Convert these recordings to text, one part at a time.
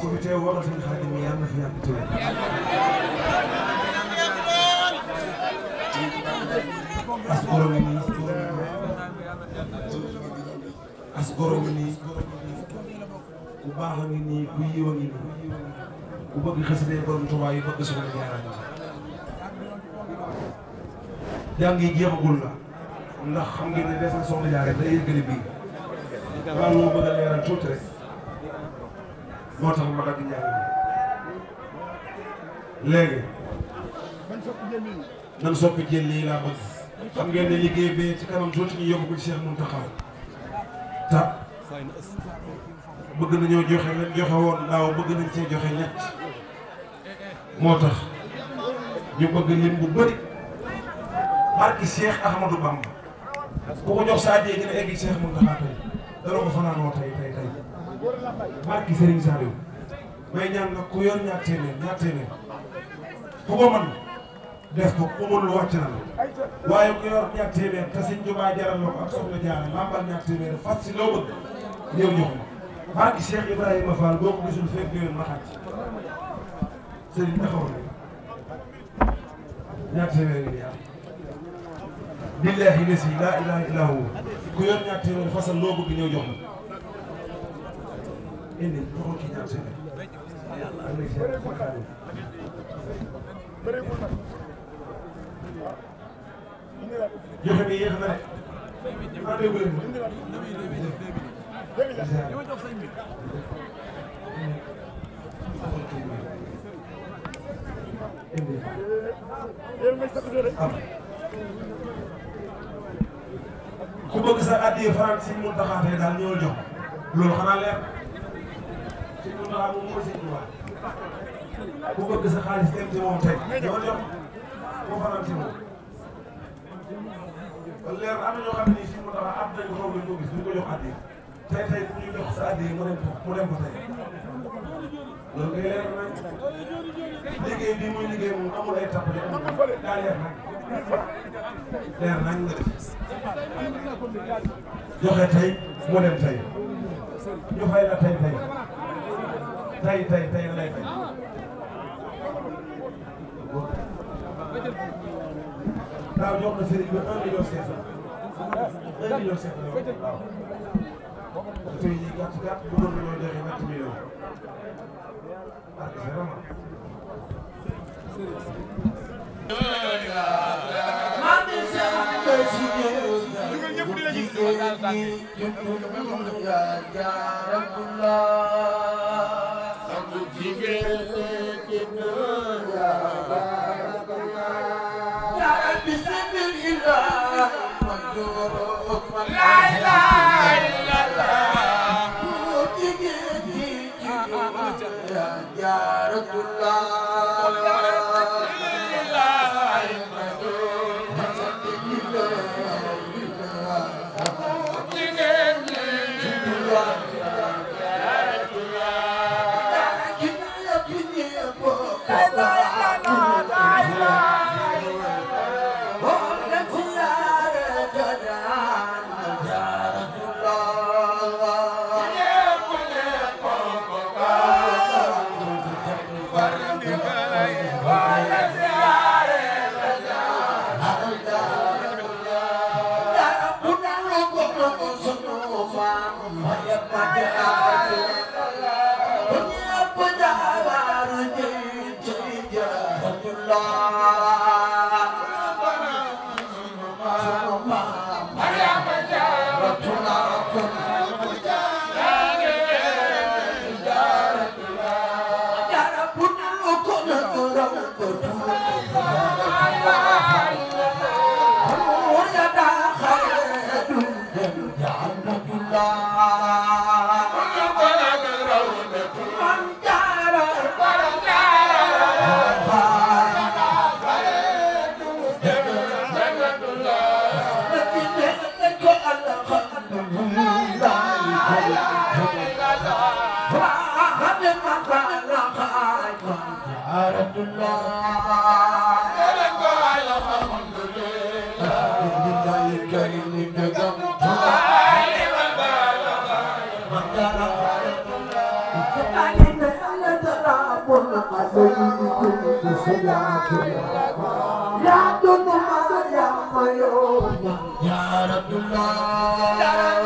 ku fi teew waxal seen xaadim yi yàlla na fi yàgg teew as goro mi nii as goro mi nii ku baax ngi nii ku yiw a ngi nii ku bëgg xasidee borom Tuubaa yi bëgg suñu jaaraan jàng yi jeexagul la ndax xam ngeen ne des na soxna jaaree day yëgale bii waaw moo bëgg a leeral tuuti rek moo ma dagg njàng mi léegi nan soppi jël lii laa bëgg xam ngeen ne liggéey bi ci kanam tuuti ñu yóbbu ko ci Cheikh Mountakha ta bëgg nañoo joxe leen joxe woon daaw bëgg nañ cee joxe ñett moo tax ñu bëgg lim bu bari barki Cheikh Ahmadou Bamba ku ko jox saa jee dina egg Cheikh Mountakha tey dana ko fanaan woo tey barki Serigne Saliou may ñaan nag ku yor ñaar téeméer ñaar téeméer ku ko man def ko ku mënul wàcc na la waaye ku yor ñaar téeméer te Serigne Touba jaral la ko ak soxna Diarra lambal ñaar téeméer fas si loo bëgg ñëw jox ma barki Cheikh Ibrahima Fall boo ko gisul fekk yoon yi yàlla billahi lesi laa ilaha illa huwa ku yor ñaar téeméer fasal loo bëgg ñëw jox ma ene ko ki ñaan sene yalla ak ni seen ko xaali bëre ko nak joxe bi yéex na de ma déglu ñu jox sëñ bi ku bëgg sa addi France si mu taxaatee daal ñoo jox loolu xanaa leer Sëriñ Tuubaa moom mooy Sëriñ Tuubaa ku bëgg sa xaalis dem ci moom ko faral ci moom kon leer am na ñoo xam ne nii si mu tax am nañu xaw ma ñu ko gis duñ ko jox addi ku ñu jox sa addi mu dem mu dem ko tey loolu day leer nañ liggéey bi muy liggéey moom amul ay tappale amul daa leer nañ leer nañ nga def joxe tey mu dem tey ñu la tey tey tey tey tey la lay fay. daaw jox na sëriñ bi un million cinq cent. un million cinq cent waaw. tey jii gàtt gàtt bëggoon nañoo joxe ñetti million. ah c'est vraiment. لا إله يا رب الله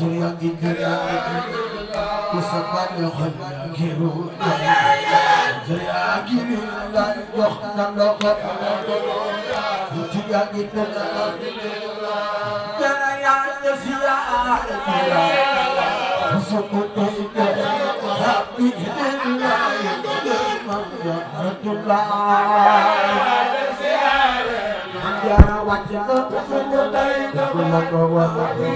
يا ذكرى وصبر خلنا كيرو يا كيرو لا يخنا نخنا يا ذكرى يا يا نسيا وصبر Yeah, watch out. لك وحجي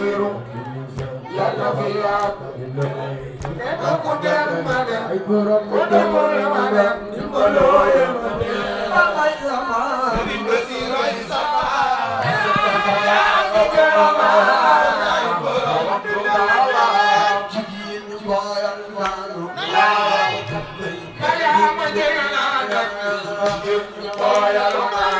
يا yàlla fi yaat képp ku dem ma dem ku demul ma dem dimbaloo yem ma dem ay sama sëriñ Basiru ay sama yaa ngi jëma ay borom Tuuba jigéen ñu booyal maanu yaa ma jëga naa dem jigéen ñu booyal maanu